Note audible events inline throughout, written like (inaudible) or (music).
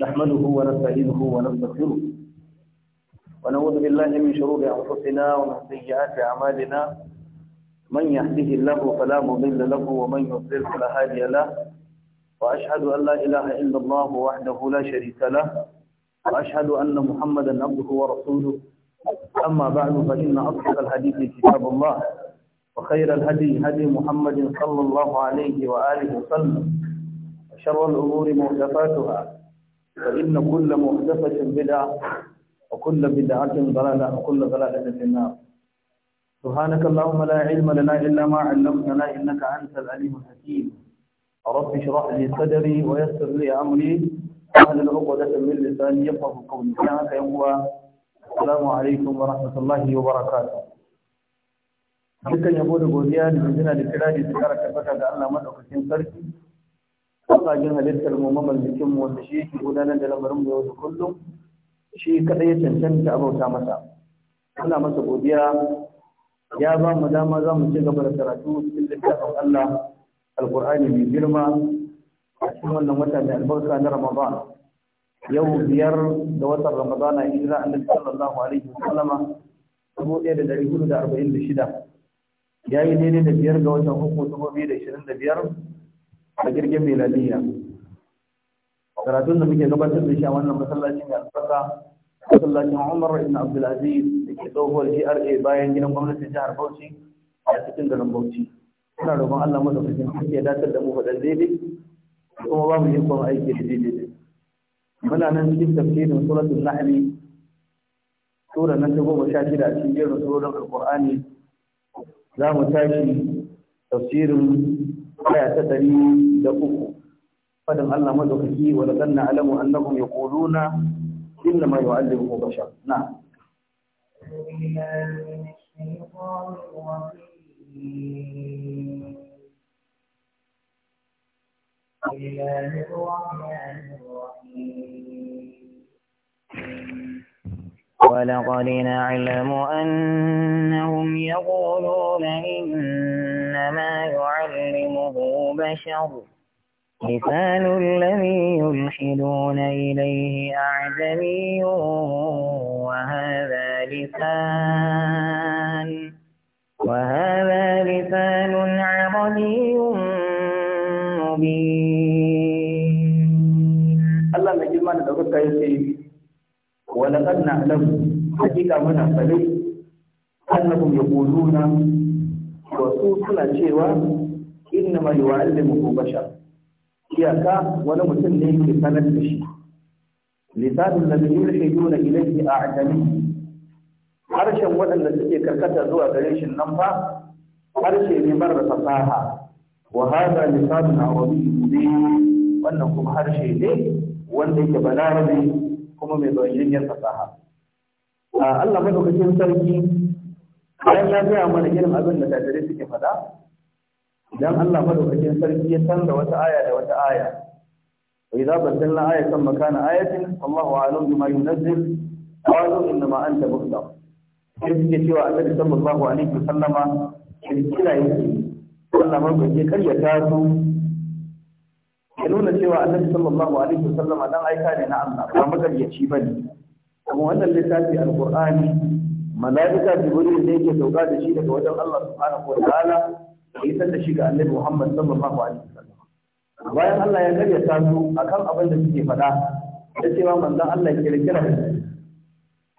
نحمده ونستعينه ونستغفره ونعوذ بالله من شرور انفسنا ومن سيئات اعمالنا من يهده الله فلا مضل له ومن يضلل فلا هادي له واشهد ان لا اله الا الله وحده لا شريك له واشهد ان محمدا عبده ورسوله اما بعد فان اصدق الحديث كتاب الله وخير الهدي هدي محمد صلى الله عليه واله وسلم وشر الامور محدثاتها فإن كل محدثة بدعة وكل بدعة ضلالة وكل ضلالة في النار سبحانك اللهم لا علم لنا إلا ما علمتنا إنك أنت العليم الحكيم رب اشرح لي صدري ويسر لي أمري وأهل العقدة من لساني يفقه قولي سبحانك يا السلام عليكم ورحمة الله وبركاته dukkan yabo da godiya da jinjina da kira da tsakar tabbata ga Allah madaukakin sarki jin halittar mu mamallakin mu wanda shi yake gudanar da lamarin mu yau da kullum shi kadai ya cancanta a bauta masa muna masa godiya ya ba mu dama za mu ci gaba da karatu cikin littafin Allah alqur'ani mai girma a cikin wannan wata mai albarka na Ramadan yau biyar da watan Ramadana hijira annabi sallallahu alaihi wasallama dubu ɗaya da ɗari hudu da arba'in da shida ya yi daidai da biyar ga watan uku dubu biyu da ishirin da biyar a jirgin miladiya karatun da muke gabatar da shi a wannan masallacin mai albarka masallacin umar ibn abdulaziz da ke tsohuwar gra bayan gidan gwamnatin jihar bauchi a cikin garin bauchi ina roƙon allah da kuke ya datar da mu faɗan daidai kuma ba mu ikon aiki da daidai muna nan cikin tafsirin suratul nahl sura nan ta goma sha shida a cikin jerin surorin alqur'ani za mu tashi tafsirin aya ta ɗari da uku fadin Allah madaukaki wa laqad na'lamu annahum yaquluna inna ma yu'allimuhu bashar na بسم الله الرحمن الرحيم ولقد نعلم أنهم يقولون إنما يعلمه بشر لسان الذي يلحدون إليه أعجمي وهذا لسان وهذا لسان عربي مبين الله نجمع نتوقع يسير ولقد نعلم حقيقة من أفلي أنهم يقولون وسوسنا شيوا إنما يعلمه بشر iyaka wani mutum ne ke sanar da shi lisanin da zai yi nuna a ajami harshen waɗanda suke karkata zuwa gare shi nan fa harshe ne marar fasaha wa hada lisanun arabi ne wannan kuma harshe ne wanda yake balarabe kuma mai bayyanar fasaha Allah madaukakin sarki bayan ya gaya mana irin abin da kafirai suke faɗa idan Allah madaukakin sarki ya canza wata aya da wata aya Wai za wa idza badalna ayatan makana ayatin wallahu a'lam bima yunzil qalu innama anta muftah sai suke cewa annabi sallallahu alaihi Sallama, kirkira yake Allah madaukakin karya ta su ya nuna cewa annabi sallallahu alaihi wasallam dan aika ne na Allah ba magaryaci bane kuma wannan littafi alqur'ani malaika jibril ne yake sauka da shi daga wajen Allah subhanahu wataala ya san da shi ga annabi Muhammad sallallahu alaihi wasallam bayan Allah ya karyata su akan abin da suke faɗa da cewa manzon Allah ya kirkira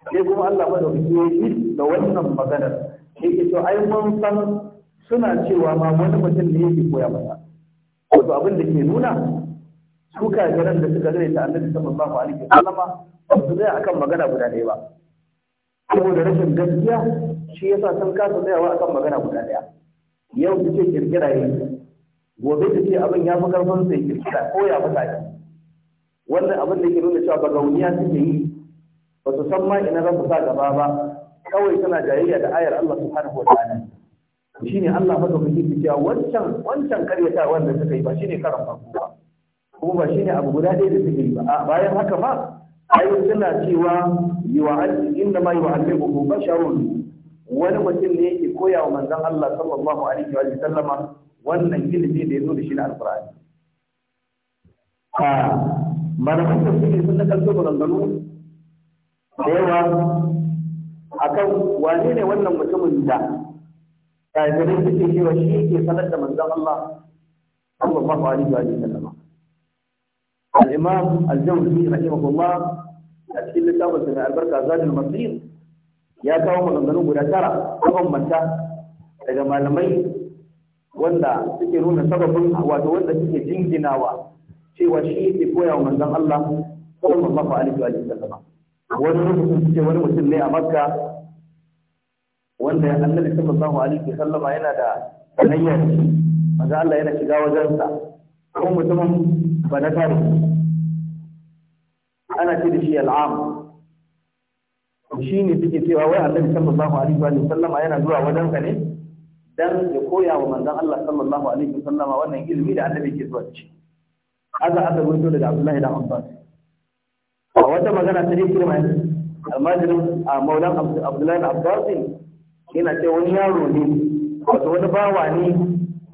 sai kuma Allah madaukaki ya yi da wannan maganar yake to ai mun san suna cewa ma wani mutum ne yake koya masa wato abin da ke nuna su kafiran da suka zai ta annabi sallallahu alaihi wasallam ba su tsaya akan magana guda ɗaya ba saboda rashin gaskiya shi yasa sun kasa tsayawa akan magana guda ɗaya yau su ce kirkira yi. gobe su ce abin ya fi karfin sai kirkira ko ya fata shi wannan abin da ke nuna cewa gauniya suke yi ba su san ma ina za su sa gaba ba kawai suna jayayya da ayar Allah subhanahu wa ta'ala shine Allah maka mutum cewa wancan wancan karyata wanda suka yi ba shine karan farko ba kuma ba shi ne abu guda ɗaya da yi ba a bayan haka ma ayo suna cewa yu'allim inna ma yu'allimuhu basharun wani mutum ne yake koya wa manzon Allah sallallahu alaihi wa sallama wannan ilimi da ya zo da shi na alqur'ani a malaman tafsiri sun da kalto maganganu da yawa a kan wane ne wannan mutumin da kafirai suke cewa shi yake sanar da manzon Allah sallallahu alaihi wa sallam الإمام الجوزي رحمه الله أشكل لتابة سنة البركة زاد المصير يا كاو مغنغنو قد أترى أغم متى daga malamai wanda nuna sababin wato wanda suke jinginawa cewa shi yake koya wa mutum ne a Makka wanda annabi yana da sanayya shi manzon yana shiga wajensa kuma mutumin ba na tare ana ce da shi al'am shi ne suke cewa wai annabi sallallahu alaihi wa sallama yana zuwa wajen ka ne dan ya koya wa manzon Allah sallallahu alaihi wa sallama wannan ilimi da annabi ke zuwa ci aza aka dole da Abdullahi da Abbas a wata magana ta dai kirma almajirin a maulan Abdullahi da Abbas yana ce wani yaro ne wato wani bawa ne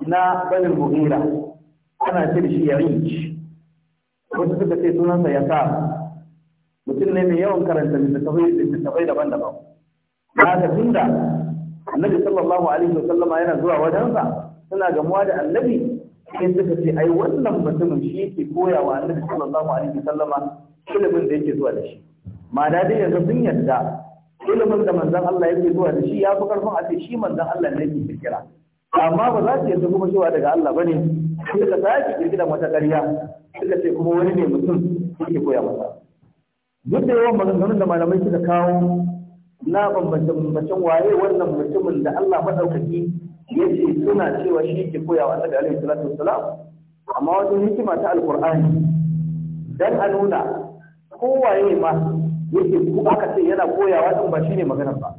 na banin mugira ana ce da shi ya rici wasu suka ce sunansa ya sa mutum ne mai yawan karanta littattafai daban-daban ba ka da annabi sallallahu alaihi wa sallama yana zuwa wajensa suna gamuwa da annabi sai suka ce ai wannan mutumin shi yake koya wa annabi sallallahu alaihi wa sallama ilimin da yake zuwa da shi ma da dai yanzu sun yarda ilimin da manzon Allah yake zuwa da shi ya fi karfin a ce shi manzon Allah ne yake kira amma ba za su yarda kuma cewa daga Allah ba ne sai ka sake kirkiran wata ƙarya suka ce kuma wani ne mutum yake koya masa duk da yawan maganganun da malamai suka kawo na bambance bambancen waye wannan mutumin da Allah madaukaki ya ce suna cewa shi ke koya wa Annabi alaihi salatu wassalam amma wajen hikima ta alqur'ani dan a nuna kowaye ma yake ko aka ce yana koyawa din ba shine maganar ba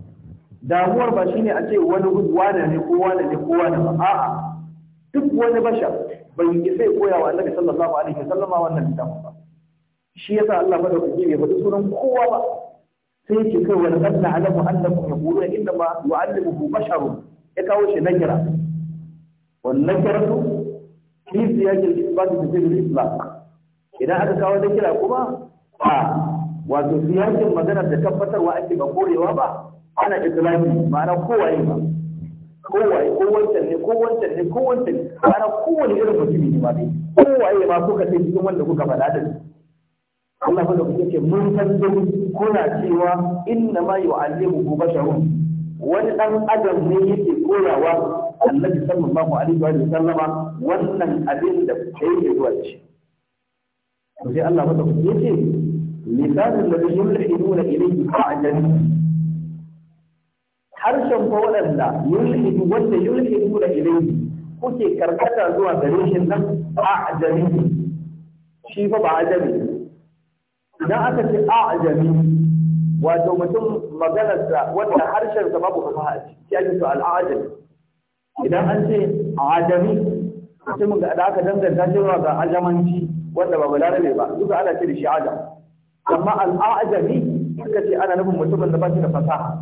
damuwar ba shine a ce wani wane ne ko wane ne ko wane ba a'a duk wani bashar bai yi sai koya wa annabi sallallahu alaihi wasallam wannan littafin ba shi yasa Allah madaukaki bai faɗi sunan kowa ba sai yake kai wa laqad na'lamu annakum yaquluna inna ma yu'allimuhu basharun ya kawo shi nakira wal nakiratu fi siyaqil isbat bi sirr islam idan aka kawo nakira kuma a wato siyakin magana da tabbatarwa ake ba korewa ba ana islami ma'ana kowaye ba kowaye ko wancan ne ko wancan ne ko wancan ne ma'ana kowane irin mutumi ne ma dai kowaye ma kuka ce cikin wanda kuka faɗa da Allah ba da kuka ce mun san dai kuna cewa inna ma yu'allimu basharun wani dan adam ne yake koyawa annabi sallallahu alaihi wa sallama wannan abin da ke zuwa shi to sai Allah ba da kuka ce lisanul ladhi yulhiduna ilayhi fa'ajan harshen fa waɗanda yulhidu wanda yulhidu da ilayhi kuke karkata zuwa gare shi nan a ajami shi fa ba ajami idan aka ce a ajami wato mutum maganarsa wanda harshen sa babu fasaha a ciki ake so al'ajami idan an ce ajami mutumin da aka danganta shi zuwa ga ajamanci wanda ba balarabe ba duka ana ce da shi adam amma al'ajami suka ce ana nufin mutumin da ba shi da fasaha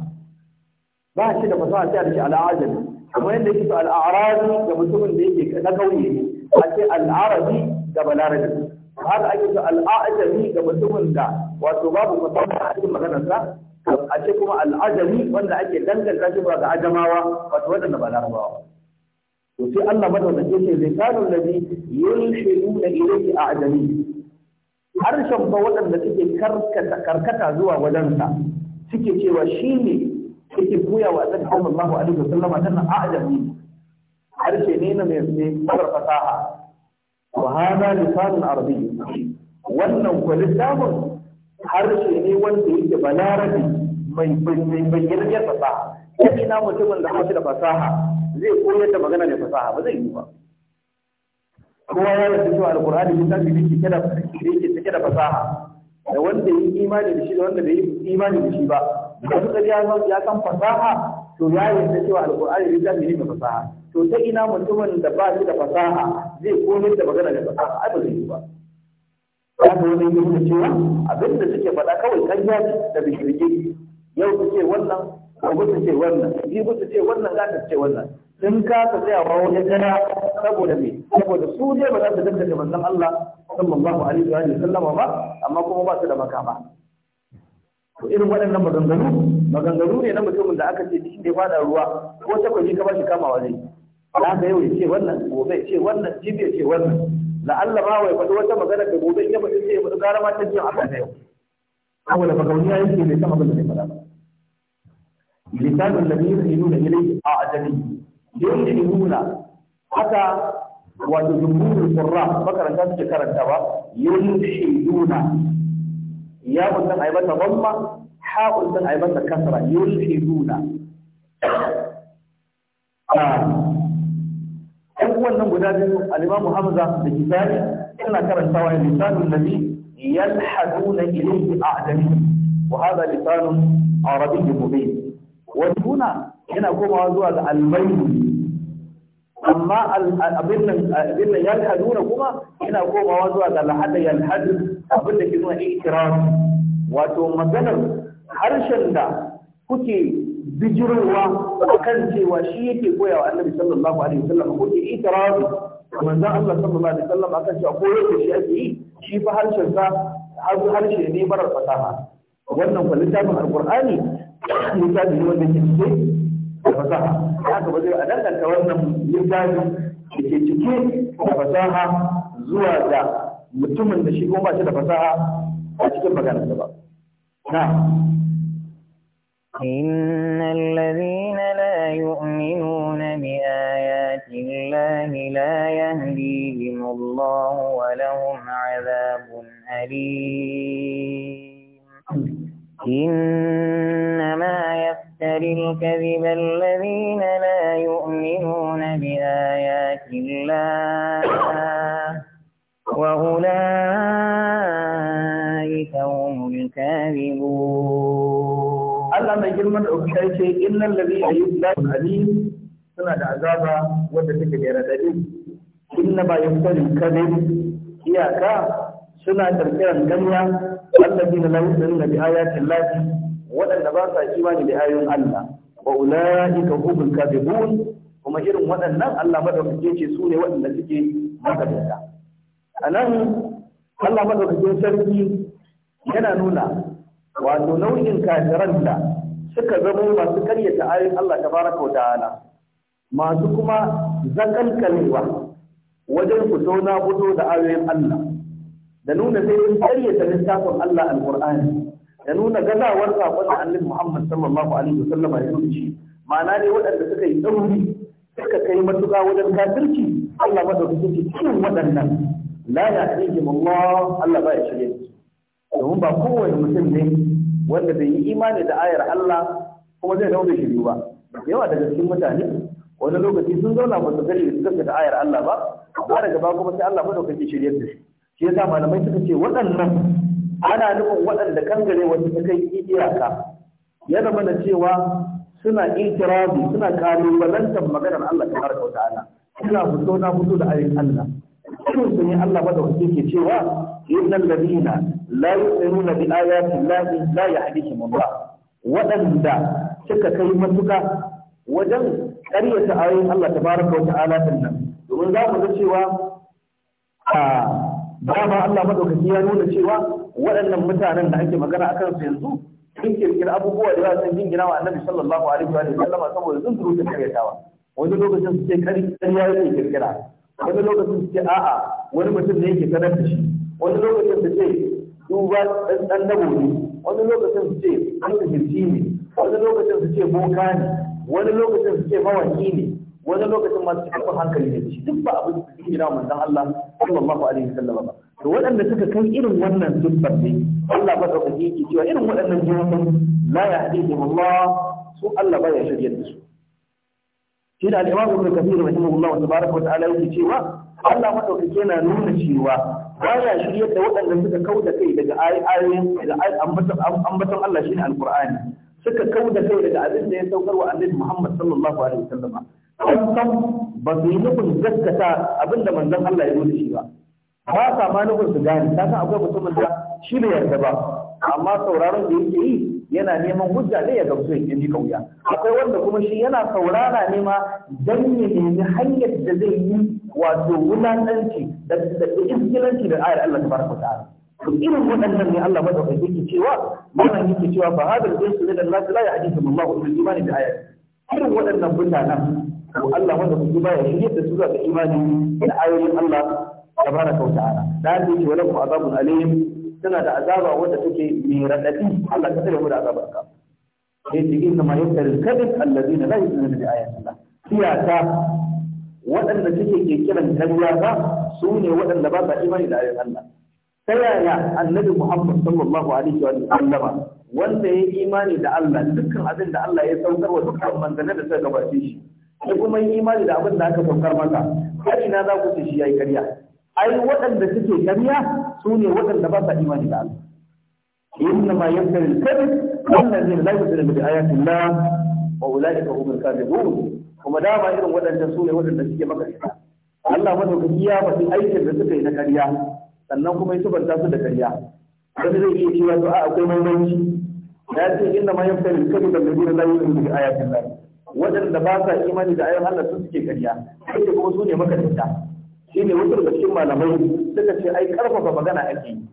ba shi da fasaha sai a ce al'ajam kamar yadda yake al'arabi ga mutumin da yake na kauye ne a ce al'arabi da balarabi haka ake ce al'ajami da mutumin da wato babu fasaha a cikin maganarsa a ce kuma al'ajami wanda ake danganta shi ga ajamawa wato wadanda ba larabawa to sai Allah madaukake ce lisanul ladhi da ilayhi a'jami harshen ba waɗanda suke karkata karkata zuwa wajensa suke cewa shine yake koya wa annabi sallallahu alaihi wasallam tana a'jabi harshe ne na mai mai fasaha wa hada lisanun arabiy wannan ko littafin harshe ne wanda yake balarabi mai bayyanar fasaha ya ina mutumin da hausa da fasaha zai koyar da magana da fasaha ba zai yi ba kowa ya rasu cewa alkur'ani littafi ne ke da yake da fasaha da wanda yi imani da shi da wanda bai yi imani da shi ba da ya san fasaha to ya yarda cewa alkur'ani littafi ne mai fasaha to ta ina mutumin da ba shi da fasaha zai komai da magana da fasaha ai ba yi ba ya ga wani yi da cewa abin da suke faɗa kawai kanya da bishirge yau su ce wannan gobe su ce wannan jibi su ce wannan za su ce wannan sun kasa tsayawa wani gana saboda me saboda su dai ba za su dangace manzon Allah sallallahu alaihi wa sallama ba amma kuma ba su da makama to irin waɗannan maganganu maganganu ne na mutumin da aka ce cikin da ya fada ruwa ko takwaji ka bashi kamawa zai da haka yau ya ce wannan gobe ya ce wannan jibi ya ce wannan la'alla ma wai faɗi wata magana da gobe in ya faɗi sai ya faɗi gara ma ta jiya a da yau saboda ya yi bai san abin da zai faɗa ba lisanul ne yununa ilayhi a ne yununa haka wato jumhurul qurra makaranta suke karantawa yununa ya kullum a yi mata bamma ha kullum a yi mata kasra yulhiduna ɗan wannan guda biyu alimamu hamza da kisani yana karantawa ya lisanun nabi yalhaduna ilayhi a'dami wa hadha lisanun arabiy mubin wa tuna yana komawa zuwa ga albayni amma abin nan yalhaduna kuma yana komawa zuwa ga lahada yalhadu abin da ke nuna ikirari wato maganar harshen da kuke bijirowa a kan cewa shi yake koya wa annabi sallallahu alaihi wasallam kuke ikirari manzon Allah sallallahu alaihi wasallam akan cewa ko yake shi ake yi shi fa harshen sa harshe ne marar fasaha wannan fa littafin alqur'ani littafi ne wanda ke cike da fasaha haka ba zai a danganta wannan littafi da ke cike da fasaha zuwa ga mutumin da shi ko ba shi da fasaha a cikin magana ba na إن الذين لا يؤمنون بآيات الله لا يهديهم الله ولهم عذاب أليم إنما يفتري الكذب الذين لا يؤمنون بآيات الله وأولئك هم الكاذبون الله ما يجرم أن شيء إلا الذي يبلغ أليم suna da azaba wadda take da radadi inna ba yaftari kadai iyaka suna karkiran gamya wallazi na lausun da bi waɗanda ba sa imani da ayoyin Allah wa ulaika hubul kadibun kuma irin waɗannan Allah madaukake ce su ne waɗanda suke makadanta a nan Allah madaukakin sarki yana nuna wato nau'in kafiran da suka zama masu karyata ayoyin Allah tabaraka wa ta'ala masu kuma zakalkalewa wajen fito na fito da ayoyin Allah da nuna sai sun karyata littafin Allah alqur'ani da nuna gazawar sakon annabi Muhammad sallallahu alaihi wasallam a yau shi ma'ana ne waɗanda suka yi tsauri suka kai matuƙa wajen kafirci Allah madaukakin sarki cikin waɗannan la yahdihim Allah Allah ba ya shirye domin ba kowane mutum ne wanda bai yi imani da ayar Allah kuma zai daure shiru ba yawa daga cikin mutane wani lokaci sun zauna ba su gani da suka da ayar Allah ba ba daga ba kuma sai Allah madaukaki shirye da shi shi yasa malamai suka ce waɗannan ana nufin waɗanda kangare wasu suka yi iyaka ya mana cewa suna itirazi suna kalubalantar maganar Allah tabaraka wa ana. suna fito na fito da ayin Allah irin su ne Allah madaukaki ke cewa innal ladina la yu'minuna bi ayati llahi la yahdihim Allah waɗanda suka kai matuka wajen ƙaryata ayoyin Allah tabaraka wa ta'ala din nan domin za mu ga cewa a dama Allah madaukaki ya nuna cewa waɗannan mutanen da ake magana akan su yanzu sun kirkiri abubuwa da yawa sun jingina wa annabi sallallahu alaihi wa sallama saboda sun zuru karyatawa wani lokacin su ce ƙarya yake kirkira wani lokacin su ce a'a wani mutum ne yake sanar da shi wani lokacin da ce duba dan nabo ne wani lokacin su ce an sihirci ne wani lokacin su ce boka ne wani lokacin su ce mawaki ne wani lokacin ma su kafa hankali da shi duk ba abin da suke gina manzon Allah sallallahu alaihi wasallam ba to waɗanda suka kai irin wannan dubbar ne Allah ba dauka yake cewa irin waɗannan jama'a la yahdihim Allah su Allah ba ya shirye da su ina da al'imam ibn kabir rahimahullah wa tabaraka wa ta'ala yake cewa Allah madaukake yana nuna cewa baya shiryar da waɗanda suka kauda kai daga ayoyin daga ambaton Allah shine alqur'ani suka kauda kai daga abin da ya saukar wa annabi Muhammad sallallahu alaihi wasallam kan ba su yi nufin gaskata abin da manzon Allah ya nuna shi ba ba sa ma nufin su gane ta san akwai mutumin da shi bai yarda ba amma sauraron da yake yi yana neman hujja ne ya gamsu ya ji kauya akwai wanda kuma shi yana saurara ne ma dan ya nemi hanyar da zai yi wato wulatanci da da iskilanci da ayar Allah tabaraka ta'ala to irin waɗannan ne Allah madaukaki yake cewa wannan yake cewa fa hadal jinsu min Allah la ya'dihi Allahu bil imani bi ayati irin waɗannan mutanen to Allah madaukaki baya shirye da su ga imani da ayoyin Allah tabaraka ta'ala da yake walahu azabun alim tana da azaba wadda take mai raɗaɗi Allah ka tsare mu da azabar ka sai ta yi kamar yadda rikadin allazi na zai tsanar da ayatun Allah siyasa waɗanda suke ke kiran karya ba su ne waɗanda ba sa imani da ayatun Allah ta yaya annabi Muhammad sallallahu alaihi wa sallama wanda ya yi imani da Allah dukkan abin da Allah ya saukar wa dukkan manzanni da suka gabace shi ya kuma yi imani da abin da aka saukar masa har ina za ku ce shi yayi karya ai waɗanda suke karya su ne waɗanda ba sa imani da Allah inna ma yankari al Wannan allazi la yu'minu bi ayati Allah wa ulaika hum al-kadhibun kuma ma irin waɗanda su ne waɗanda suke maka shirka Allah madaukaki ya faɗi aikin da suka yi na ƙarya sannan kuma ya subanta su da ƙarya wani zai iya cewa to a akwai maimanci ya ce inna ma yankari al-kadhib allazi la yu'minu bi ayati Allah waɗanda ba sa imani da ayoyin Allah su suke ƙarya sai kuma su ne maka shirka shi ne wasu daga cikin malamai suka ce ai karfafa magana ake yi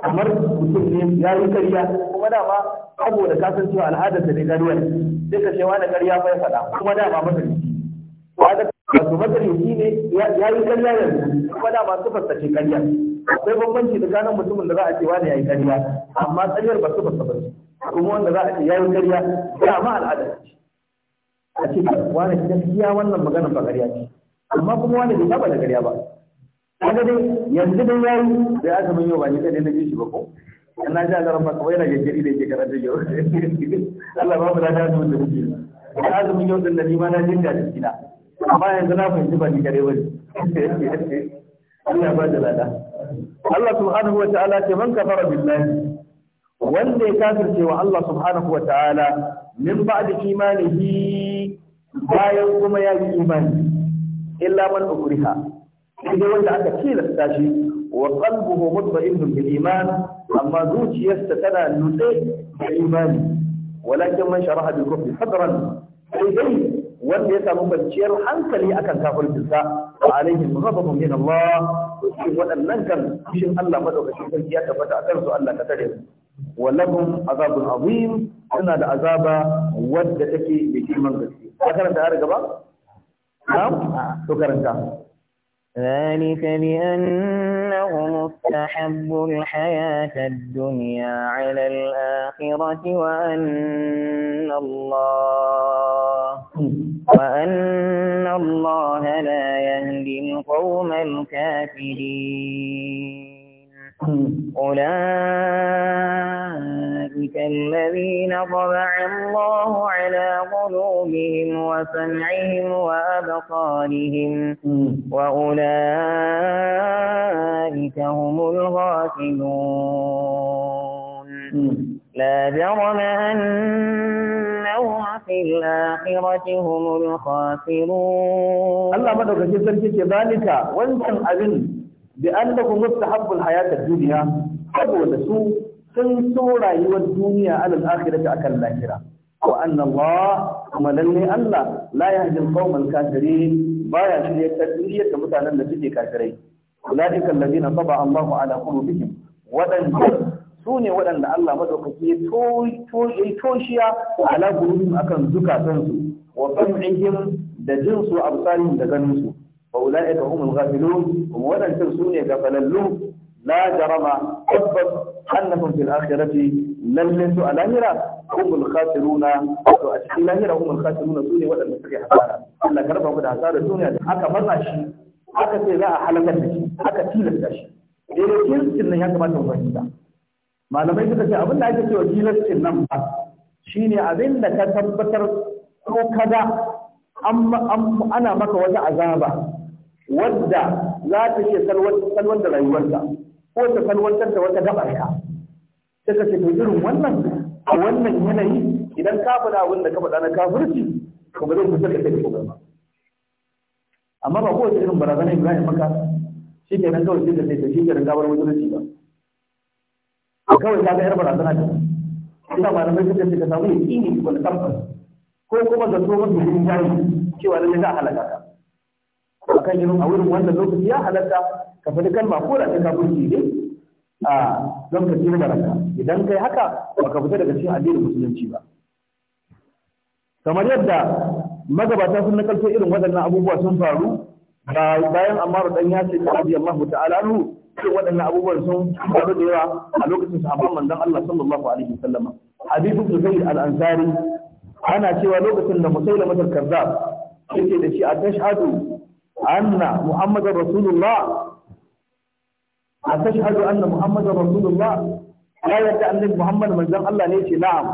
kamar mutum ne ya yi karya kuma dama kasan kasancewa al'adar da ne garuwa ne sai ka ce wani karya fa ya faɗa kuma dama masarki to aka wato masarki ne ya yi karya yanzu kuma dama su fasace karya akwai bambanci tsakanin mutumin da za a ce wani ya yi karya amma tsariyar ba su ba kuma wanda za a ce ya yi karya dama al'adar ce a ce wani gaskiya wannan magana ba karya ce amma kuma wanda bai saba da gariya ba kaga dai yanzu dai yayi da aka mun yau ba ni kadai na ji shi ba ko in na ji a ba maka yana gaggari da yake karanta yau Allah ba mu da ta azumin da muke da azumin yau din da ni ma na jin da jikina amma yanzu na fahimci ba ni gare wani Allah ba da lada Allah subhanahu wa ta'ala ce man kafara billahi wanda ya kafirce wa Allah subhanahu wa ta'ala min ba'da imanihi bayan kuma ya yi imani illa man ukriha sai wanda aka tilasta shi wa qalbuhu mutma'innun bil amma zuciyarsa tana nutse da imani walakin man sharaha bil kufri sadran sai dai wanda ya samu kwanciyar hankali akan kafircinsa wa alaihim ghadabun min Allah cikin waɗannan kan cikin Allah madaukakin sarki ya tabbata akan su Allah ka tare su ولهم عذاب عظيم suna da azaba wanda take da girman Ka karanta har gaba? نعم. شكرا ذلك بأنهم استحبوا الحياة الدنيا على الآخرة وأن الله (laughs) وأن الله لا يهدي القوم الكافرين أولئك الذين طبع الله على قلوبهم وسمعهم وأبصارهم وأولئك هم الغافلون لا جرم أنهم في الآخرة هم الخاسرون الله مدوك جسر كذلك وانتم أذن bi annahum mustahabbul hayat ad-dunya saboda su sun so rayuwar duniya alal akhirati akan lahira wa anna Allah kuma lalle Allah la yahdi al-qawm baya shirya tarbiyyar da mutanen da suke kafirai ulaika alladhina taba Allahu ala bikin. waɗanda su ne waɗanda Allah madaukaki ya toshiya ala qulubihim akan zukatansu wa sam'ihim da jinsu absarihim da ganinsu fa ulaika humul ghafilun kuma wadancan su ne gafalallu la jarama tabbas annahum fil akhirati lalle su a lahira humul khasiruna to a cikin lahira humul khasiruna su ne wadanda suke hasara da hasarar da aka matsa shi aka ce za a halakar da shi aka tilasta shi daidai kirkin nan ya kamata mu fahimta malamai suka ce abin da ake cewa nan ba shine abin da ka tabbatar ko kada ana maka wata azaba wadda za ta iya salwar da rayuwarka ko ta salwantar da wata gabarka ya? ta ce to irin wannan a wannan yanayi idan ka faɗa abin da ka faɗa na kafirci to ba zai kusa da ta ko ba amma ba kowace irin barazana Ibrahim maka shi ke nan kawai sai ta shi ke nan gabar shi ba a kawai ka ga yar barazana ta ina ba na mai suka shi ka samu ya ƙini ko ko kuma zato mafi yin jari cewa lalle za a halaka akan irin a wurin wannan lokaci ya halatta ka fadi kalma ko da ka kafirci ne a don ka tsira baraka idan kai haka ba ka fita daga cikin addinin musulunci ba kamar yadda magabata sun nakalto irin waɗannan abubuwa sun faru bayan amaru dan ya ce radiyallahu ta'ala nu irin waɗannan abubuwan sun faru da yawa a lokacin sahabban manzon Allah sallallahu alaihi wasallam hadithu Zubair al-Ansari ana cewa lokacin da Musailama al-Kazzab yake da shi a tashhadu anna muhammadar rasulullah a tashhadu anna muhammadar rasulullah ya yarda annabi muhammad manzon Allah ne ce na'am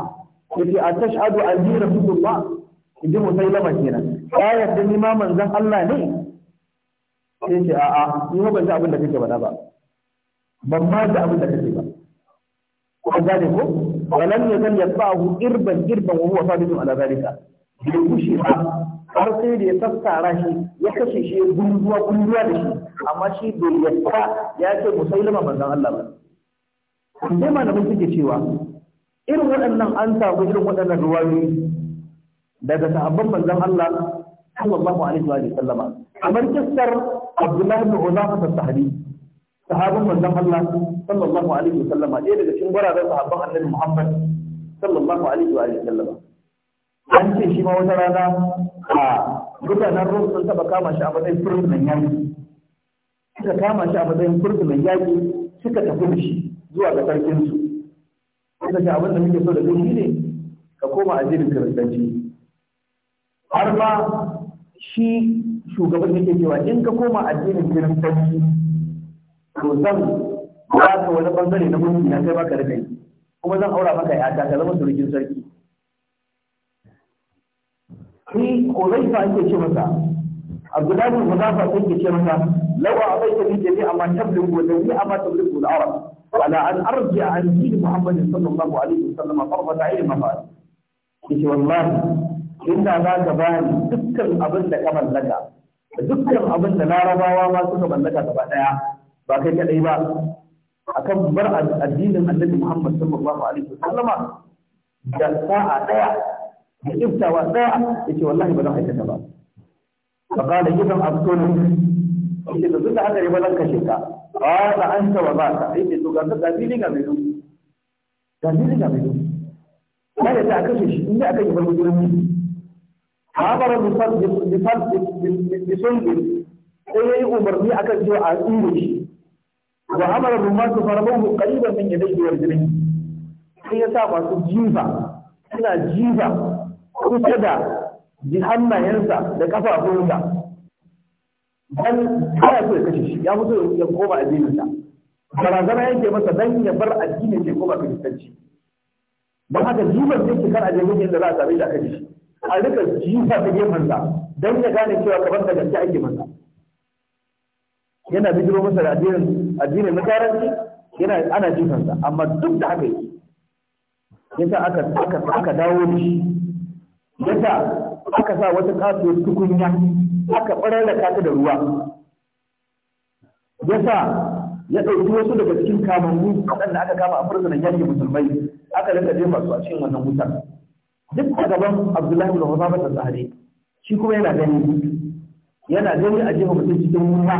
yace a tashhadu anni rasulullah inji musailama kenan ya yarda ni ma manzon Allah ne yace a a ni ban ji abin da kake faɗa ba ban ma ji abin da kake ba ko gane ko walan a yatba'u irban irban wa huwa sabitun ala zalika bai kushe ba har sai da ya sassara shi ya kashe shi gunduwa gunduwa da shi amma shi bai yadda ya ce musailama manzon Allah ba sai malamin suke cewa irin waɗannan an samu irin waɗannan ruwayoyi daga sahabban manzon Allah sallallahu alaihi wa sallama kamar kissar Abdullah ibn Uzafa as-Sahabi sahabban manzon Allah sallallahu alaihi wa sallama ɗaya daga cikin gwararren sahabban Annabi Muhammad sallallahu alaihi wa sallama an ce shi ma wata rana a mutanen rum sun taba kama shi a matsayin fursunan yaƙi suka kama shi a matsayin fursunan yaƙi suka tafi da shi zuwa ga sarkinsu suka ce abin da muke so da kai shi ne ka koma addinin kiristanci har ma shi shugaban yake cewa in ka koma addinin kiristanci to zan ba ka wani bangare na mulki na kai baka da kai kuma zan aura maka ya ta zama surukin sarki shi Hudayfa ake ce masa Abdullahi bin Hudafa ake ce masa lawa abaita bi jami'a ma tablighu jami'a ma tablighu al-arab ala an arji'a an din Muhammad sallallahu alaihi wasallam farfata ilma fa yace wallahi inda za ka bani dukkan abin da ka mallaka dukkan abin da larabawa ma suka mallaka gaba daya ba kai kadai ba akan bar addinin annabi Muhammad sallallahu alaihi wasallama da sa'a daya da iftawa daya yace wallahi ba zan aikata ba fa qala idan abtulu yace da zuwa haka ba zan kashe ka qala anta wa baka yace to ga ka fili ga mai ga fili ga mai ba da ta kashe shi inda aka yi barbu gurin habara bisal bisal bisal sai yayi umarni akan cewa a tsire shi wa amara bin masu faramahu qariban min yadayhi wa rijlihi sai ya sa masu jifa suna jifa kusa da hannayensa da kafafunsa dan ana so ya kashe shi ya mutu ya koma addininsa barazana yake masa dan ya bar addinin ya koma kristanci dan haka jibar da yake kan addinin yadda za a same da a kashe shi a rika jifa ta gefensa dan ya gane cewa kamar da gaske ake masa yana bijiro masa da addinin addinin makaranci yana ana jifansa amma duk da haka yake yasa aka aka aka dawo da shi yasa aka sa wata kasuwar tukunya aka farar da da ruwa yasa ya ɗauki wasu daga cikin kamammu waɗanda aka kama a farzana yanke musulmai aka rika jefa su a cikin wannan wutar duk a gaban abdullahi bin huzama da tsare shi kuma yana gani yana gani a jefa mutum cikin wuta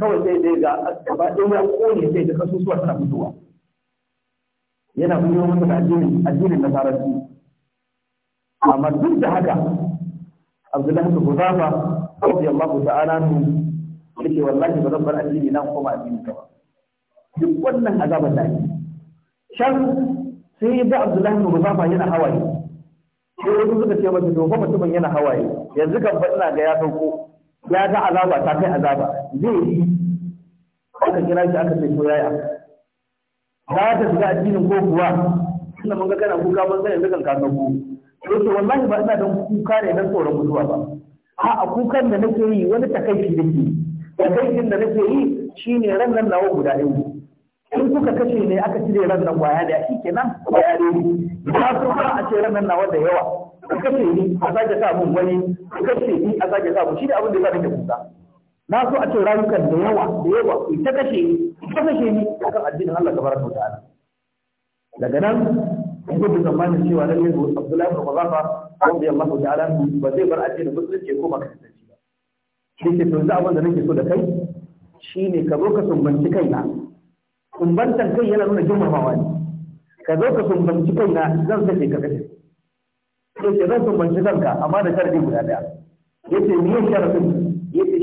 kawai sai dai ga gaba ɗaya kone sai da kasusuwa tana mutuwa. yana fito masa da addinin addinin nasaranci amma duk da haka abdullahi bin huzafa radiyallahu ta'ala nu yake wallahi ba zan bar addini na koma addini ka ba duk wannan azabar da ake shan sai da abdullahi bin hudafa yana hawaye sai wasu suka ce masa to fa mutumin yana hawaye yanzu kan ba ina ga ya sauko ya ga azaba ta kai azaba zai yi aka kira shi aka ce to yaya za ta shiga addinin ko kuwa tunda mun ga kana kuka mun zai yanzu kan ka sauko yace wallahi ba ina don kuka ne don tsoron mutuwa ba a'a kukan da nake yi wani takaici da ke, takaicin da nake yi shine ran nan nawa guda ɗaya in kuka kashe ne aka cire ran nan waya da shi kenan waya ne ba so ba a ce ran nan nawa da yawa ku kashe ni a sake sa mun wani ku kashe ni a sake sa mun shi ne abin da ya sa nake kuka na so a ce rayukan da yawa da yawa ku ta kashe ni ku ta kashe ni akan addinin Allah tabaraka wa ta'ala daga nan in gudu zamanin cewa nan ne Abdullahi bin Qazafa radiyallahu ta'ala ba zai bar addinin musulunci ko makasanci ba shi ke to yanzu abin da nake so da kai Shi ne ka zo ka sumbanci kaina sumbantan kai yana nuna girmamawa ne ka zo ka sumbanci kaina zan sake ka kace sai ce zan sumbanci kanka amma da sharadi guda daya yace ni yin sharadin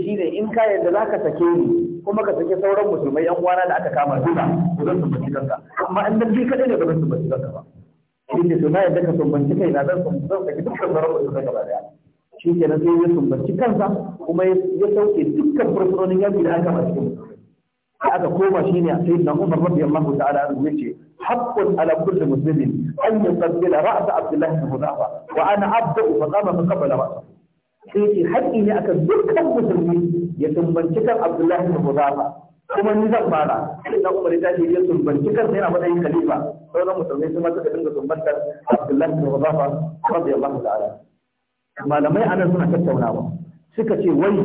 shi ne in ka za ka sake ni kuma ka sake sauran musulmai yan uwana da aka kama duka ko zan sumbanci kanka amma in dan bi kadai ne ba zan sumbanci kanka ba inda to na yadda ka sumbanci kai na zan sumbanci dukkan zarar da gaba daya shi ke nan sai ya sumbanci kansa kuma ya sauke dukkan fursunonin yabi da aka masu musulmi aka koma shi ne a sai na umar rabbi allahu ta'ala an ce haqqun ala kulli muslimin an yi yusabbila ra'sa Abdullahi bin hudafa wa ana abdu fa qama fa qabala ra'sa sai ce haƙƙi ne akan dukkan musulmi ya sumbanci kan Abdullahi bin hudafa kuma ni zan fara sai na umar ya tashi ya sumbanci kansa yana matsayin khalifa sauran musulmai su ma da dinga sumbantar Abdullahi bin Rabafa radiyallahu ta'ala malamai anan suna tattaunawa suka ce wai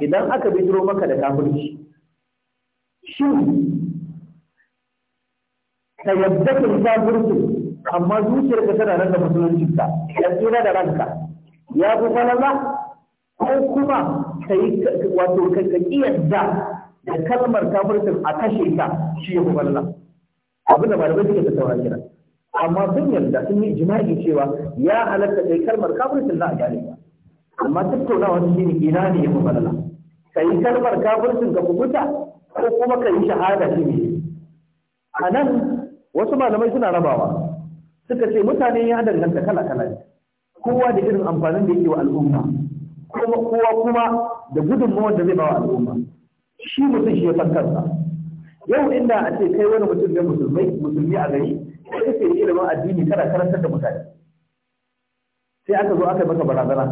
idan aka bijiro maka da kafirci shin ka yadda ka yi kafirci amma zuciyarka tana nan da musuluncinka ya tsira da ranka ya fi falala ko kuma ka yi wato ka ƙi yadda da kalmar kafircin a kashe ka shi ya fi falala abin da malamai suke sauran kenan amma sun yarda sun yi jima'i cewa ya halatta kai kalmar kafircin za a gane ba amma tattaunawa su shine ina ne ya fi Ka kai kalmar kafircin ka kubuta ko kuma ka yi shahada shi ne a nan wasu malamai suna rabawa suka ce mutane ya danganta kala kala ne kowa da irin amfanin da yake wa al'umma kuma kowa kuma da gudunmawar da zai ba wa al'umma shi mutum shi ya san kansa yau inda a ce kai wani mutum ne musulmai musulmi a gari sai kake ilimin addini kana karantar da mutane sai aka zo aka yi maka barazana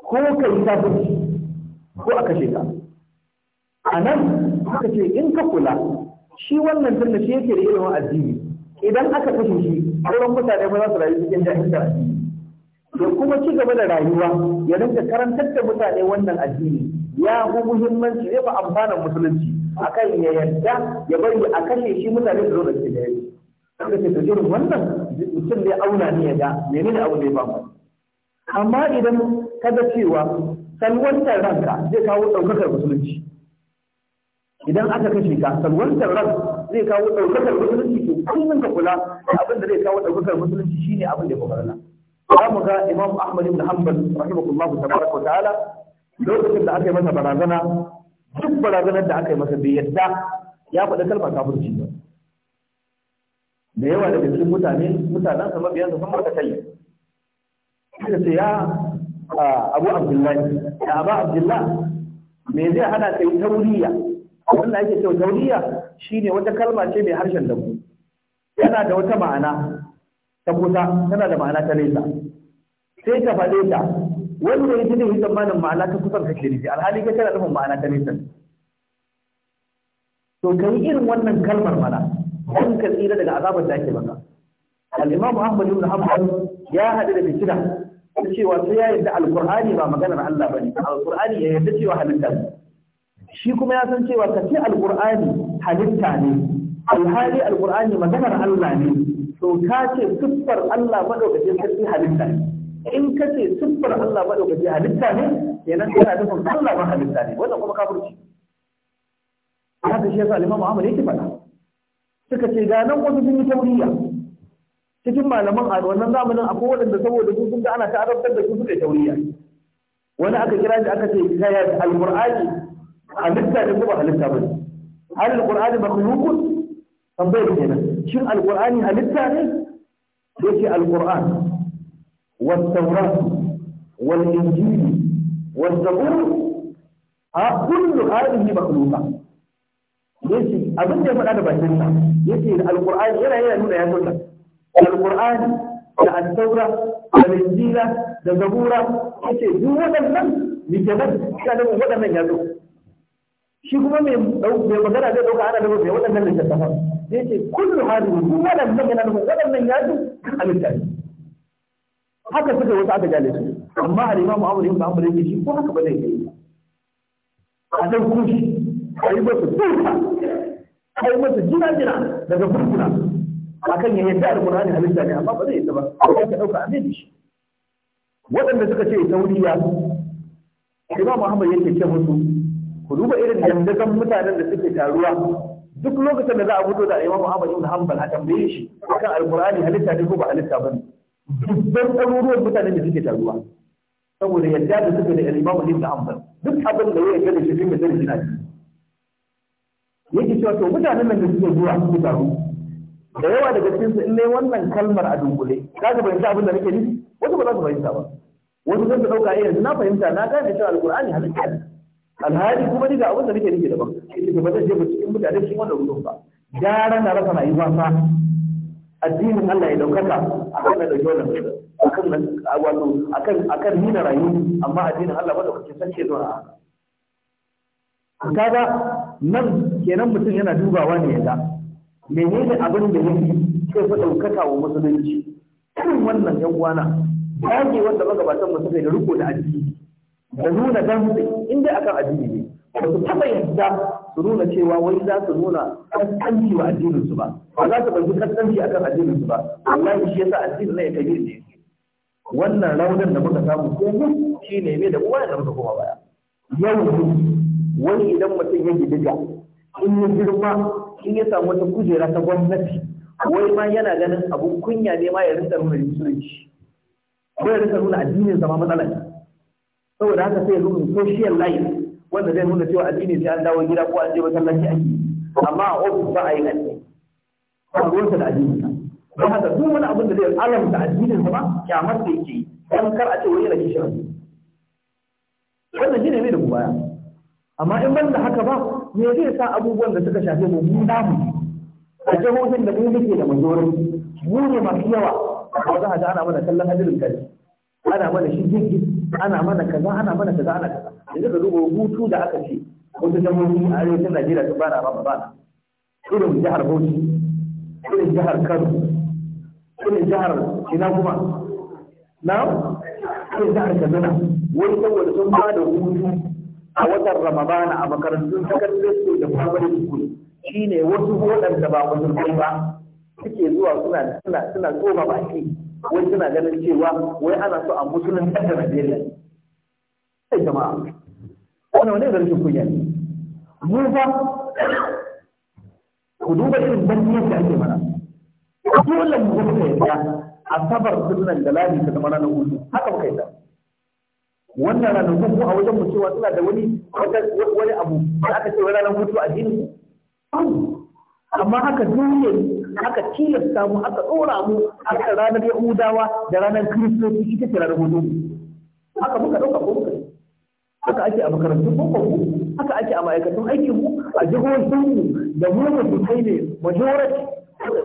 ko ka yi kafirci ko a kashe ka a nan aka ce in ka kula shi wannan tunda shi yake da ilimin addini idan aka kashe shi sauran mutane ba za su rayu cikin jahilcin addini ya kuma ci gaba da rayuwa ya rinka karantar da mutane wannan addini ya fi muhimmanci ya fi amfanin musulunci akan ya yarda ya bari a kashe shi mutane su zo da shi da yayi suka ce irin wannan mutum da auna ni ya ga menene abu da ya ba amma idan ga cewa salwantar ranka zai kawo ɗaukakar musulunci idan aka kashe ka salwantar ran zai kawo ɗaukakar musulunci to kullum ka kula abin da zai kawo ɗaukakar musulunci shine abin da ya faru za mu ga imam ahmad ibn hanbal rahimahullahu tabaraka ta'ala lokacin da aka yi masa barazana duk barazanar da aka yi masa bai yadda ya faɗi kalmar kafirci ba da yawa daga cikin mutane mutanen sa mabiyan sa sun marka talle sai ya abu abdullahi ya abu abdullahi me zai hana kai tauriya wannan ake cewa tauriya shine wata kalma ce mai harshen dabu yana da wata ma'ana ta kusa tana da ma'ana ta nesa sai ka faɗe ta wanda ya ji da hitan manin ma'ana ta kusan kake nufi alhali ka kana nufin ma'ana ta nesa to ka yi irin wannan kalmar mana don ka tsira daga azabar da ake maka al-imamu ahmad ibn hanbal ya haɗu da fitina ta cewa sai ya yarda alqur'ani ba maganar Allah bane alqur'ani ya yadda cewa halitta ne shi kuma ya san cewa ka ce alqur'ani halitta ne alhali alqur'ani maganar Allah ne to ka ce siffar Allah madaukakin sarki halitta ne in ka ce siffar Allah madaukaki halitta ne kenan kana nufin Allah ma halitta ne wannan kuma kafirci haka shi yasa Imam Ahmad yake faɗa suka ce ga nan wasu sun yi tauriya cikin malaman a wannan zamanin akwai waɗanda saboda su sun ga ana ta'arabtar da su suka yi tauriya wani aka kira shi aka ce kaya alqur'ani halitta ne ko ba halitta ba hal alqur'ani makhluqun tambayar kenan shin Al-ƙur'ani alqur'ani halitta ne yake alqur'ani والتوراة والإنجيل والزبور كل هذه مخلوقات yace abin da ya faɗa da ba'a sa yace alqur'ani yana yana nuna ya sunna alqur'ani da at-taura da injila da zabura yace duk waɗannan mijabat waɗannan ya zo shi kuma mai mai magana zai dauka ana da waɗannan littattafan yace kullu hadhihi duk waɗannan yana nuna waɗannan ya zo a littafi haka suka wasu aka jale su amma a limamu amur yin ba'amur yake shi ko haka ba zai yi a dan kushi a yi masu duka a yi masu jina-jina daga burkuna a kan yayin da ne halitta ne amma ba zai yi ta ba a ka ɗauka a mai shi waɗanda suka ce tauriya imam muhammad yake ce musu ku duba irin dandakan mutanen da suke taruwa duk lokacin da za a fito da imam muhammad ibn hanbal a tambaye shi Al-Qurani halitta ne ko ba halitta bane dubban ɗaruruwan mutane da suke taruwa saboda yadda da suke da alimamu da amfani. duk abin da ya gani shi da zai gina shi yake cewa to mutanen nan da suke zuwa su taru da yawa daga cikin su in ne wannan kalmar a dunkule za ka fahimta abin da nake nufi wasu ba za su fahimta ba wasu zan ɗauka a eh, yanzu na fahimta na gane cewa alqur'ani halitta ne alhali kuma ni ga abin da nake nufi daban yake ba zan je ba cikin mutane shi wannan rudun ba gara na rasa yi wasa addinin Allah ya daukaka akan da dauki wannan kan nan wato A kan nuna rayu amma addinin Allah ba daukake san ce zuwa kaga nan kenan mutum yana dubawa ne yaga menene abin da yake sai fa daukaka wa musulunci irin wannan yan uwana dage wanda magabatan mu suka yi riko da addini da nuna dan inda akan addini ne ba su taba yadda su nuna cewa wai za su nuna kaskanci wa addinin su ba ba za su ɗauki kaskanci akan addinin su ba wallahi shi yasa addinin na ya kabir ne wannan raunin da muka samu ko mu shi ne mai da mu da muka koma baya yau wani idan mutum ya gidiga in ya girma in ya samu wata kujera ta gwamnati wai ma yana ganin abun kunya ne ma ya rinka nuna musulunci ko ya rinka nuna addinin zama matsala matsala saboda haka sai ya nuna social life wanda zai nuna cewa addini sai an dawo gida ko an je masallaci ake amma a ofis ba a yi addini ba ruwansa da addini don haka duk wani abin da zai alamta addinin sa ba kyamar da yake dan kar a ce wani yana kishin addini wannan shine mai da baya amma in ban da haka ba me zai sa abubuwan da suka shafe mu mu namu a jihohin da mu muke da majorin mu ne masu yawa ba za a ga ana mana kallon hadirin kai ana mana shi jirgin ana mana kaza ana mana kaza ana kaza yanzu ka duba hutu da aka ce wata jamhuri a arewacin Najeriya sun fara ba bana irin jihar Bauchi irin jihar Kano irin jihar ina kuma na irin jihar Kaduna wani saboda sun ba da hutu a watan Ramadana a makarantun sakandare su da primary school shine wasu da ba musulmai ba suke zuwa suna suna suna tsoma baki wai suna ganin cewa wai ana so a musulun da Najeriya sai jama'a wannan wani zarafin kunya ne mu ba ku duba irin bandiyar da ake mana dole mu zama ka yadda sabar sunan da lami ta zama ranar hutu haka muka yadda wannan ranar hutu a wajen mu cewa suna da wani wani abu da aka ce ranar hutu a jini amma haka duniya aka tilasta mu aka ɗora mu a kan ranar yahudawa da ranar kiristoci ita ce ranar hudu haka muka ɗauka ko muka haka ake a makarantun ko haka ake a ma'aikatun aikin mu a jihohin mu da mu mu kai ne majority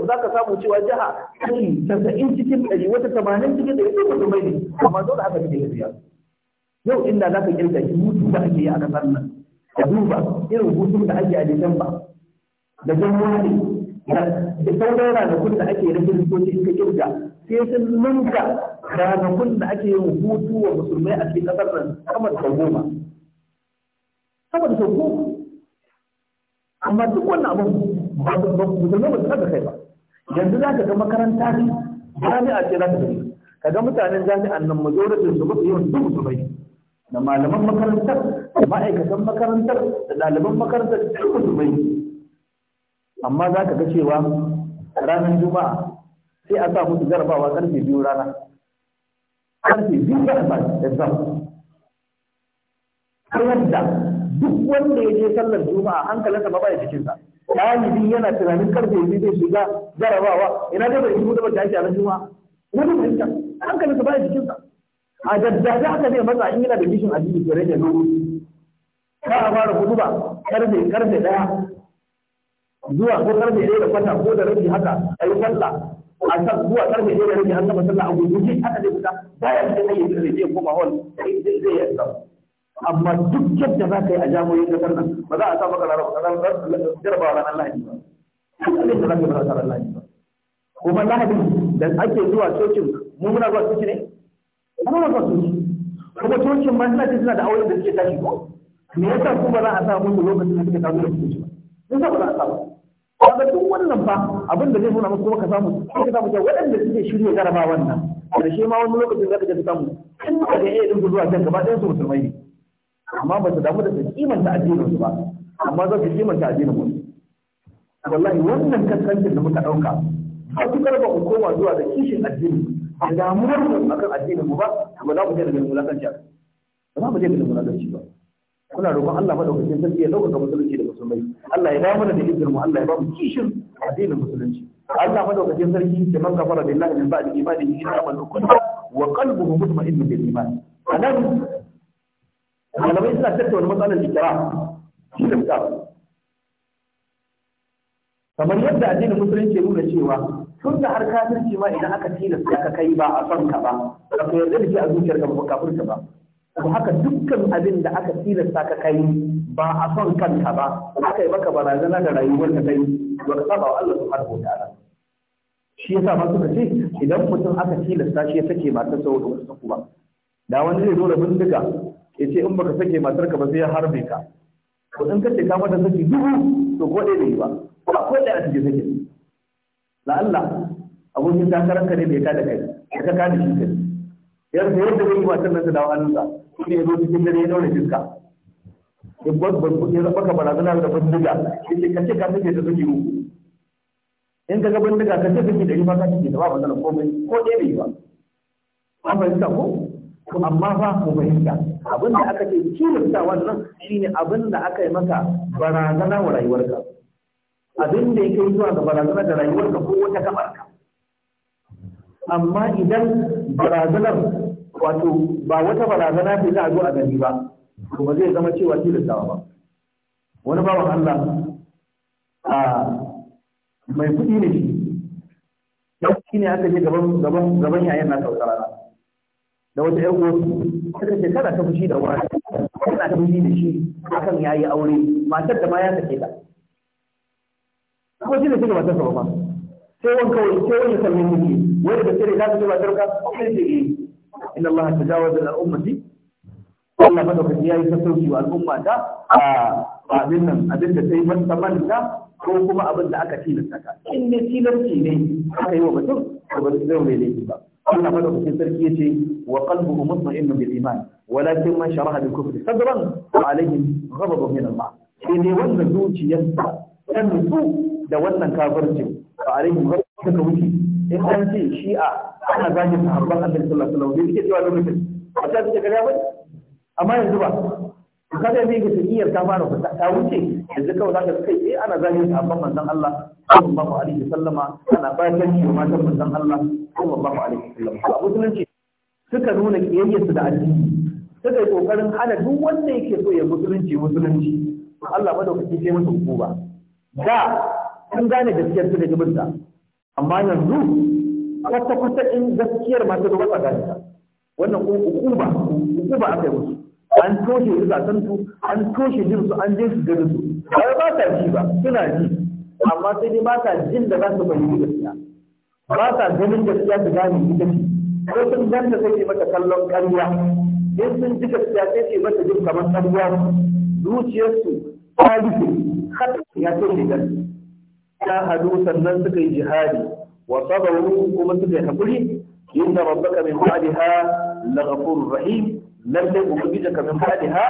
za ka samu cewa jiha kashi tasa'in cikin ɗari wata tamanin cikin ɗari ko mutumai ne amma dole haka ne tafiya yau inda za ka kirga shi mutu da ake yi a ƙasar nan da duba irin hutun da ake a disamba da wani da sauran ranakun da ake na kiristoci suka kirga sai sun ninka ranakun da ake yin hutu wa musulmai a cikin kasar nan sama da goma sama da goma amma duk wannan abin ba su ba musulmai ba su saka kai ba yanzu za ka ga makaranta ne jami'a ce za ka gani ka ga mutanen jami'an nan majoratin su ba mutu yawan duk musulmai da malaman makarantar da ma'aikatan makarantar da ɗaliban makarantar duk musulmai amma za ka ga cewa ranar juma'a sai a sa musu jarabawa karfe biyu rana karfe biyu da a sa exam har yadda duk wanda ya je sallar juma'a hankalinsa ba baya cikinsa ɗalibi yana tunanin karfe biyu zai shiga jarabawa ina dai bai shigo da ba tashi a juma'a ina dai bai shiga hankalinsa baya cikinsa a daddaje haka zai matsa in yana da bishin addini ke rage nauyi ka a fara hudu ba karfe karfe ɗaya zuwa ko karfe ɗaya da kwata ko da rabi haka a yi kwalla a san zuwa karfe ɗaya da rabi an gama sallah a shi haka zai fita bayan da zai yi zai je koma hall zai zai yi amma duk yadda za ka yi a jami'o'in da nan ba za a sa maka jarabawa ranar lahadi ba duk abin da za ka yi ba za ranar lahadi ba kuma lahadi da ake zuwa cocin mu muna zuwa coci ne muna zuwa cocin kuma cocin ma suna cikin suna da auren da suke tashi ko me yasa kuma za a sa musu lokacin da suke tashi da coci ba me yasa ba za a sa ba ga duk wannan ba abin da zai nuna musu kuma ka samu sai ka samu cewa waɗanda suke shirya garama wannan shi ma wani lokacin zaka ji samu in ba da iya zuwa guduwa can gaba ɗayan su musulmai ne amma ba su damu da su kimanta addinin su ba amma za su kimanta addinin mu wallahi wannan kaskancin da muka ɗauka ba su karɓa ku zuwa da kishin addini da damuwar mu akan addinin mu ba ba za mu je daga mulakanci ba za mu je daga mulakanci ba kuna roƙon Allah madaukakin sarki ya ɗaukaka musulunci da musulmai Allah ya damu da izinin mu Allah ya ba mu kishin addinin musulunci Allah madaukakin sarki ke man kafara billahi min ba'di imanihi illa man kullu wa qalbuhu mutma'innun bil iman anan malamai suna tattauna matsalar ikira shi da fita kamar yadda addinin musulunci nuna cewa tun da har kafirci ma idan aka tilasta ka kai ba a son ka ba ba ka yarda da shi a zuciyarka ba kafirka ba ko haka dukkan abin da aka tilasta ka kai ba a son kanka ba aka yi maka barazana da rayuwar ka kai ba ka saba wa Allah subhanahu wa ta'ala shi yasa ma suka ce idan mutum aka tilasta shi ya sake matar sau wani wasu kuma. da wani zai zo da bindiga ya ce in baka sake matar ka ba sai ya harbe ka ko in ka ce ka mata saki dubu to ko ɗaya bai yi ba ko akwai ɗaya a cikin sake la Allah abokin takarar ka ne bai ka da kai ka ka da shi kai Yarda yadda zai yi matar nan ta dawo hannun shi ya zo cikin dare ya daure fiska ya baka ya zaba ka barazana da bindiga yace kace ka take ta take uku in ka ga bandiga ka ce take dari ma ka take da ba bazana komai ko ɗaya bai ba an fahimta ko to amma ba ku fahimta abin da aka ce kirista wannan shine abin da aka yi maka barazana wa rayuwarka abin da yake zuwa ga barazana da rayuwarka ko wata kamar ka. amma idan barazanar wato ba wata barazana ce za a zo a gani ba to ba zai zama cewa tilastawa ba wani bawan Allah a mai kuɗi ne shi shi ne aka je gaban gaban gaban yayan na sautara da wata ƴan uwa suka ce kada ta fushi da wani kana ta fushi da shi akan yayi aure matar da ma ya sake ta ko shi ne shi matar sa ba sai wani kawai sai wani kalmi ne wani da gaske ne za su ba matar ka ko sai ce inna Allah tajawaza al ummati Allah madaukaki yayi sassauci wa al'umma ta a abin nan abin da ko kuma abinda aka tilasta ka in ne tilasti ne aka yi wa mutum to ba zai mai laifi ba Allah madaukakin sarki yace wa qalbuhu mutma'innun bil iman walakin man sharaha bil kufri sadran wa alaihim ghadabun min Allah sai wanda zuciyarsa da wannan kafircin fa wuce in an ce shi'a ana zagin sahabban annabi sallallahu alaihi wasallam yake cewa lokacin ba ta ce kariya ba amma yanzu ba kada zai ga tsakiyar ta fara fita ta wuce yanzu kawai zaka kai sai eh, ana zagin sahabban manzon Allah sallallahu alaihi wasallama ana bayan shi matan manzon Allah sallallahu alaihi wasallam abu musulunci suka nuna kiyayyarsu da addini suka yi kokarin hana duk wanda yake so ya musulunci musulunci Allah madaukaki sai masa hukuma da sun gane gaskiyar su da jibinta amma yanzu kwata kwata in gaskiyar masu da wata ta wannan kuma hukuma hukuma aka yi musu an toshe zukatan su an toshe jin su an je su gani su ba ba ta ji ba suna ji amma sai dai ba ta jin da za su da gaskiya ba ta ganin gaskiya su gane ita ce ko sun ganta sai mata kallon ƙarya in sun ji gaskiya sai ce mata jin kamar ƙarya zuciyarsu ta rufe har ya toshe gaskiya jahadu sannan suka yi jihadi wa sabaru kuma suka yi hakuri inna rabbaka min ba'daha la ghafurur rahim lalle ubangijinka min ba'daha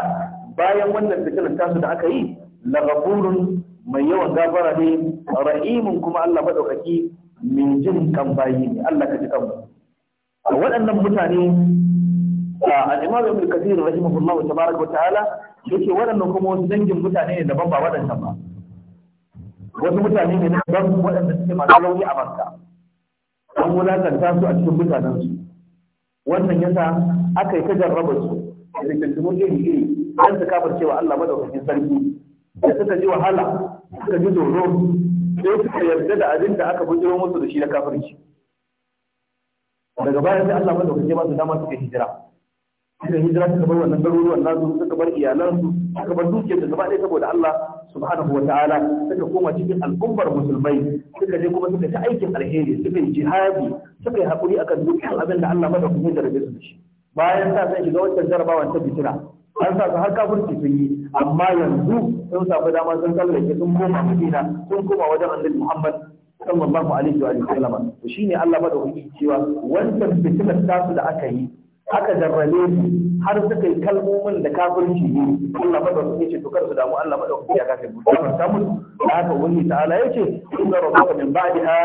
bayan wannan fitilar tasu da aka yi la ghafurun mai yawan gafara ne rahimun kuma Allah madaukaki min jin kan bayi ne Allah ka ji kanmu a waɗannan mutane al-Imam Ibn Kathir rahimahullahu tabaraka wa ta'ala yake waɗannan kuma wasu dangin mutane ne daban ba waɗannan ba wasu mutane ne na ban waɗanda suke masu rauni a makka an wulakanta su a cikin mutanensu wannan yasa aka yi ta jarraba su da rikintumu iri iri don su kafar cewa Allah madaukakin sarki da suka ji wahala suka ji tsoro sai suka yarda da abin da aka bujiro musu da shi na kafirci daga baya sai Allah madaukakin ba su dama suka hijira suka hijira suka bar wannan garuruwan nasu suka bar iyalansu suka bar dukiyar da gaba ɗaya saboda Allah subhanahu wa ta'ala suka koma cikin al'ummar musulmai suka je kuma suka ta aikin alheri suka yi jihadi suka yi haƙuri akan dukkan abin da Allah mada kuma jarabe su da shi bayan sa sun shiga wancan jarabawan ta fitina an sa su har kafirci sun yi amma yanzu sun samu dama sun tsallake sun koma madina sun koma wajen annabi Muhammad sallallahu alaihi wa sallam to shine Allah mada cewa wancan fitinar tasu da aka yi aka jarrabe su har suka yi kalmomin da kafirci ne Allah madaukaki ce to kar su damu Allah madaukaki ya kafe mu kamar ta da haka wani ta'ala yace inna rabbaka min ba'diha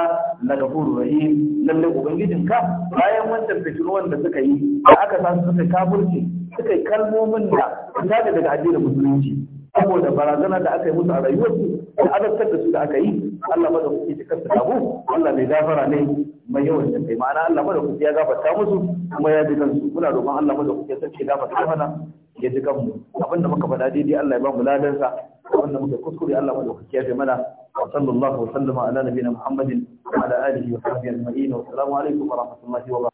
la ghafurur rahim lalle ubangijin ka bayan wannan fitruwan da suka yi da aka sa su suka kafirci suka yi kalmomin da ta daga addinin musulunci saboda barazana da aka yi musu a rayuwarsu da azabtar da su da aka yi Allah ba da kuke tabu Allah mai gafara ne mai yawan da kai ma'ana Allah ba ya gafarta musu kuma ya ji kansu muna roƙon Allah ba da kuke gafarta mana ya ji kanmu abinda muka faɗa daidai Allah ya ba mu ladan sa abinda muka kuskure Allah ba da kuke mana wa sallallahu wa sallama ala nabiyina Muhammadin wa ala alihi wa sahbihi ajma'in wa assalamu alaikum wa rahmatullahi wa barakatuh